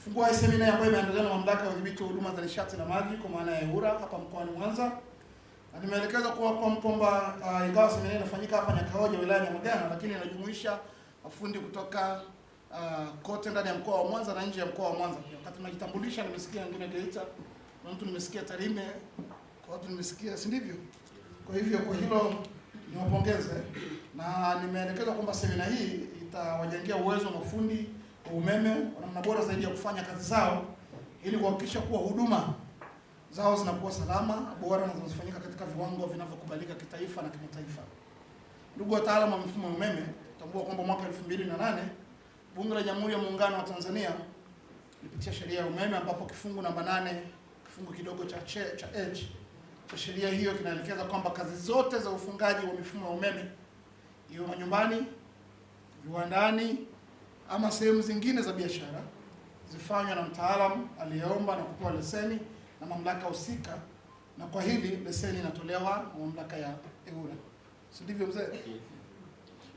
kufungua semina ambayo imeandaliwa na mamlaka ya udhibiti wa huduma za nishati na maji kwa maana ya EWURA hapa mkoani Mwanza. Na Nimeelekezwa kuwa kwa kwamba uh, ingawa semina inafanyika hapa Nyakahoja wilaya ya Nyamagana, lakini inajumuisha mafundi kutoka uh, kote ndani ya mkoa wa Mwanza na nje ya mkoa wa Mwanza. Wakati najitambulisha nimesikia wengine Geita, kuna mtu nimesikia Tarime, kwa watu nimesikia, si ndivyo? Kwa hivyo kwa hilo niwapongeze, na nimeelekezwa kwamba semina hii itawajengea uwezo mafundi umeme kwa namna bora zaidi ya kufanya kazi zao ili kuhakikisha kuwa huduma zao zinakuwa salama, bora na zinazofanyika katika viwango vinavyokubalika kitaifa na kimataifa. Ndugu wataalamu wa mfumo wa umeme, tambua kwamba mwaka 2008 Bunge la Jamhuri ya Muungano wa Tanzania lipitia sheria ya umeme ambapo kifungu namba nane kifungu kidogo cha che, cha H cha sheria hiyo kinaelekeza kwamba kazi zote za ufungaji wa mifumo ya umeme iwe manyumbani, viwandani ama sehemu zingine za biashara zifanywa na mtaalamu aliyeomba na kupewa leseni na mamlaka husika, na kwa hili leseni inatolewa na mamlaka ya EWURA, si ndivyo mzee?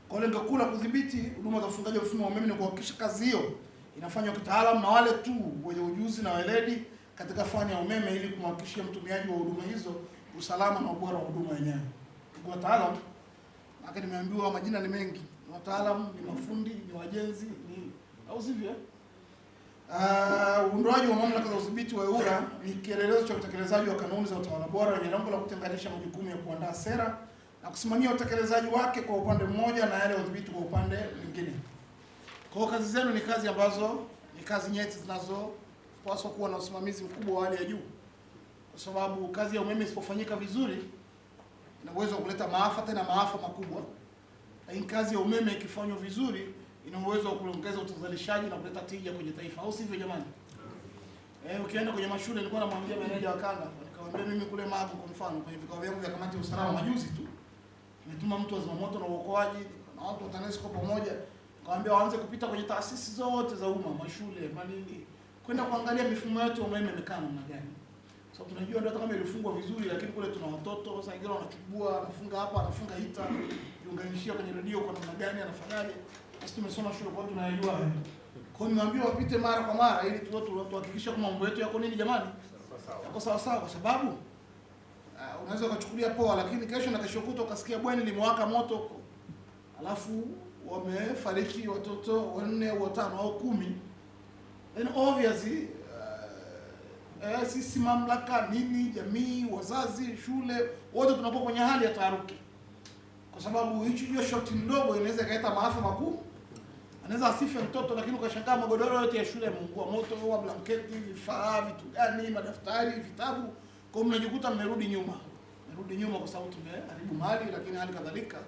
Kwa lengo kuu la kudhibiti huduma za ufungaji wa mfumo wa umeme ni kuhakikisha kazi hiyo inafanywa kitaalamu na wale tu wenye ujuzi na weledi katika fani ya umeme ili kumhakikishia mtumiaji wa huduma hizo usalama na ubora wa huduma yenyewe. Wataalamu lakini nimeambiwa majina ni mengi ni wataalamu, ni mafundi, ni wajenzi, ni au sivyo? Ah, uundwaji uh, wa mamlaka za udhibiti wa EWURA ni kielelezo cha utekelezaji wa kanuni za utawala bora yenye lengo la kutenganisha majukumu ya kuandaa sera na kusimamia utekelezaji wake kwa upande mmoja na yale ya udhibiti kwa upande mwingine. Kwa hiyo kazi zenu ni kazi ambazo ni kazi nyeti zinazopaswa kuwa na usimamizi mkubwa wa hali ya juu, kwa sababu kazi ya umeme isipofanyika vizuri ina uwezo wa kuleta maafa, tena maafa makubwa lakini kazi ya umeme ikifanywa vizuri ina uwezo wa kuongeza uzalishaji na kuleta tija kwenye taifa, au sivyo jamani? Eh, ukienda kwenye mashule nilikuwa namwambia meneja wa kanda, nikamwambia mimi kule Magu kwa mfano kwenye vikao vyangu vya kamati ya usalama majuzi tu nimetuma mtu wa zimamoto na uokoaji na watu wa TANESCO pamoja, nikamwambia waanze kupita kwenye taasisi zote za umma, mashule, manini, kwenda kuangalia mifumo yetu ya umeme imekaa namna gani sababu so, tunajua ndio hata kama ilifungwa vizuri, lakini kule tuna watoto sasa, wengine wanachukua anafunga hapa anafunga hita jiunganishia kwenye redio kwa namna gani, anafanyaje? Sisi tumesoma shule kwa tunayajua hayo. Kwa hiyo niwaambie wapite mara kwa mara, ili tu tuhakikisha tuhakikishe kwamba mambo yetu yako nini, jamani, yako sawa sawa, kwa sababu uh, unaweza ukachukulia poa, lakini kesho na kesho kuto ukasikia bweni limewaka moto, alafu wamefariki watoto wanne watano au kumi, then obviously eh, sisi mamlaka nini, jamii, wazazi, shule, wote tunakuwa kwenye hali ya taharuki, kwa sababu hicho hiyo shoti ndogo inaweza ikaleta maafa makubwa. Anaweza asife mtoto, lakini ukashangaa magodoro yote ya shule yameungua moto, au blanketi, vifaa, vitu gani, madaftari, vitabu. Kwa hiyo mnajikuta mmerudi nyuma, mmerudi nyuma kwa sababu tumeharibu mali, lakini hali kadhalika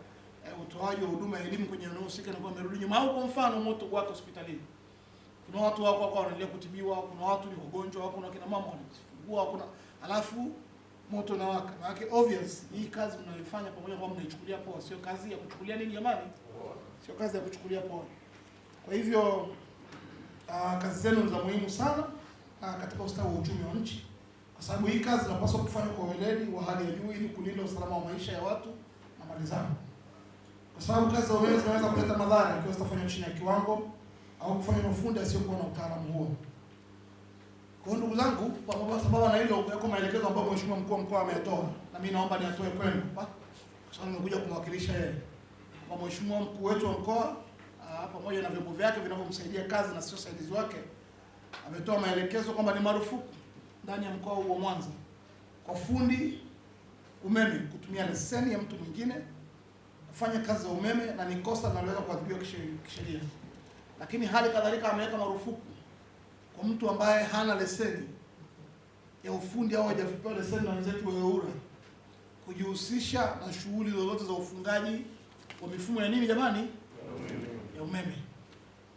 eh, utoaji wa huduma ya elimu kwenye wanaohusika na kwa mmerudi nyuma, au kwa mfano moto kwa hospitalini kuna watu wako wako wanaendelea kutibiwa, kuna watu ni wagonjwa, wako na kina mama wanajifungua, kuna alafu moto na waka. Maana obvious hii kazi mnayoifanya pamoja kwa mnaichukulia poa, sio kazi ya kuchukulia nini jamani? Sio kazi ya kuchukulia poa. Kwa hivyo uh, kazi zenu ni za muhimu sana uh, katika ustawi wa uchumi wa nchi. Kwa sababu hii kazi inapaswa kufanywa kwa weledi wa hali ya juu ili kulinda usalama wa maisha ya watu na mali zao. Kwa sababu kazi za umeme zinaweza kuleta madhara ikiwa zitafanywa chini ya kiwango au kufanya na ufundi asiyokuwa na utaalamu huo. Kwa ndugu zangu, kwa sababu na hilo yako maelekezo ambayo mheshimiwa mkuu wa mkoa ameyatoa, na mimi naomba niatoe kwenu hapa, kwa sababu nimekuja kumwakilisha yeye, kwa mheshimiwa mkuu wetu wa mkoa ah, pamoja na vyombo vyake vinavyomsaidia kazi na sio saidizi wake, ametoa maelekezo kwamba ni marufuku ndani ya mkoa huu wa Mwanza kwa fundi umeme kutumia leseni ya mtu mwingine kufanya kazi za umeme, na ni kosa linaloweza kuadhibiwa kisheria. Lakini hali kadhalika ameweka marufuku kwa mtu ambaye hana leseni ya ufundi au hajapewa leseni na wenzetu wa EWURA kujihusisha na shughuli zozote za ufungaji wa mifumo ya nini jamani, ya umeme.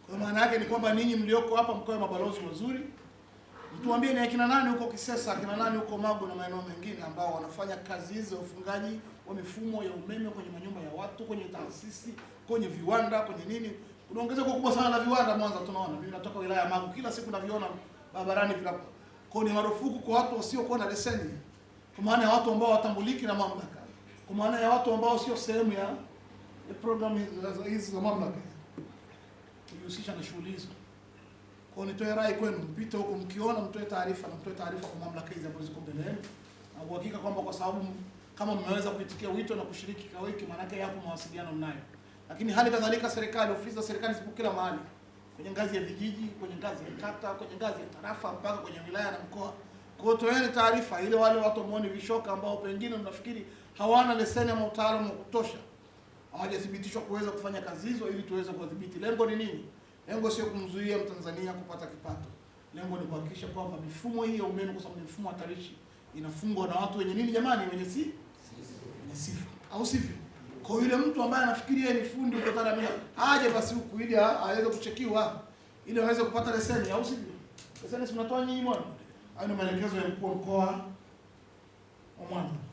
Kwa maana yake ni kwamba ninyi mlioko hapa mkoa wa mabalozi wazuri, mtuambie ni akina nani huko Kisesa, akina nani huko Magu na maeneo mengine ambao wanafanya kazi hizi za ufungaji wa mifumo ya umeme kwenye manyumba ya watu, kwenye taasisi, kwenye viwanda, kwenye nini kuna ongezeko kubwa sana la viwanda Mwanza tunaona. Mimi natoka wilaya ya Magu, kila siku naviona barabarani vina kwa ni marufuku kwa watu wasiokuwa na leseni. Kwa maana ya watu ambao watambuliki na mamlaka. Kwa maana ya watu ambao sio sehemu ya programu hizi za mamlaka. Kujihusisha na shughuli hizo. Kwa nitoe rai kwenu, mpite huko mkiona, mtoe taarifa na mtoe taarifa kwa mamlaka hizi ambazo ziko mbele yenu. Na uhakika kwamba kwa sababu kama mmeweza kuitikia wito na kushiriki kikao hiki, maana yake yapo mawasiliano mnayo. Lakini hali kadhalika serikali, ofisi za serikali zipo kila mahali, kwenye ngazi ya vijiji, kwenye ngazi ya kata, kwenye ngazi ya tarafa, mpaka kwenye wilaya na mkoa. Kwa hiyo toeni taarifa ile wale watu wamuone vishoka ambao pengine mnafikiri hawana leseni ama utaalamu wa kutosha, hawajathibitishwa kuweza kufanya kazi hizo, ili tuweze kuwadhibiti. Lengo ni nini? Lengo sio kumzuia mtanzania kupata kipato. Lengo ni kuhakikisha kwamba mifumo hii ya umeme, kwa sababu ni mfumo hatarishi, inafungwa na watu wenye nini jamani? Wenye si wenye sifa, au sivyo? Kwa yule mtu ambaye anafikiri yeye ni fundi huko Tanzania, aje basi huku ili aweze kuchekiwa ili aweze kupata leseni au si? Leseni si mnatoa nyinyi mwana? Hayo ni maelekezo ya mkuu wa mkoa wa Mwanza.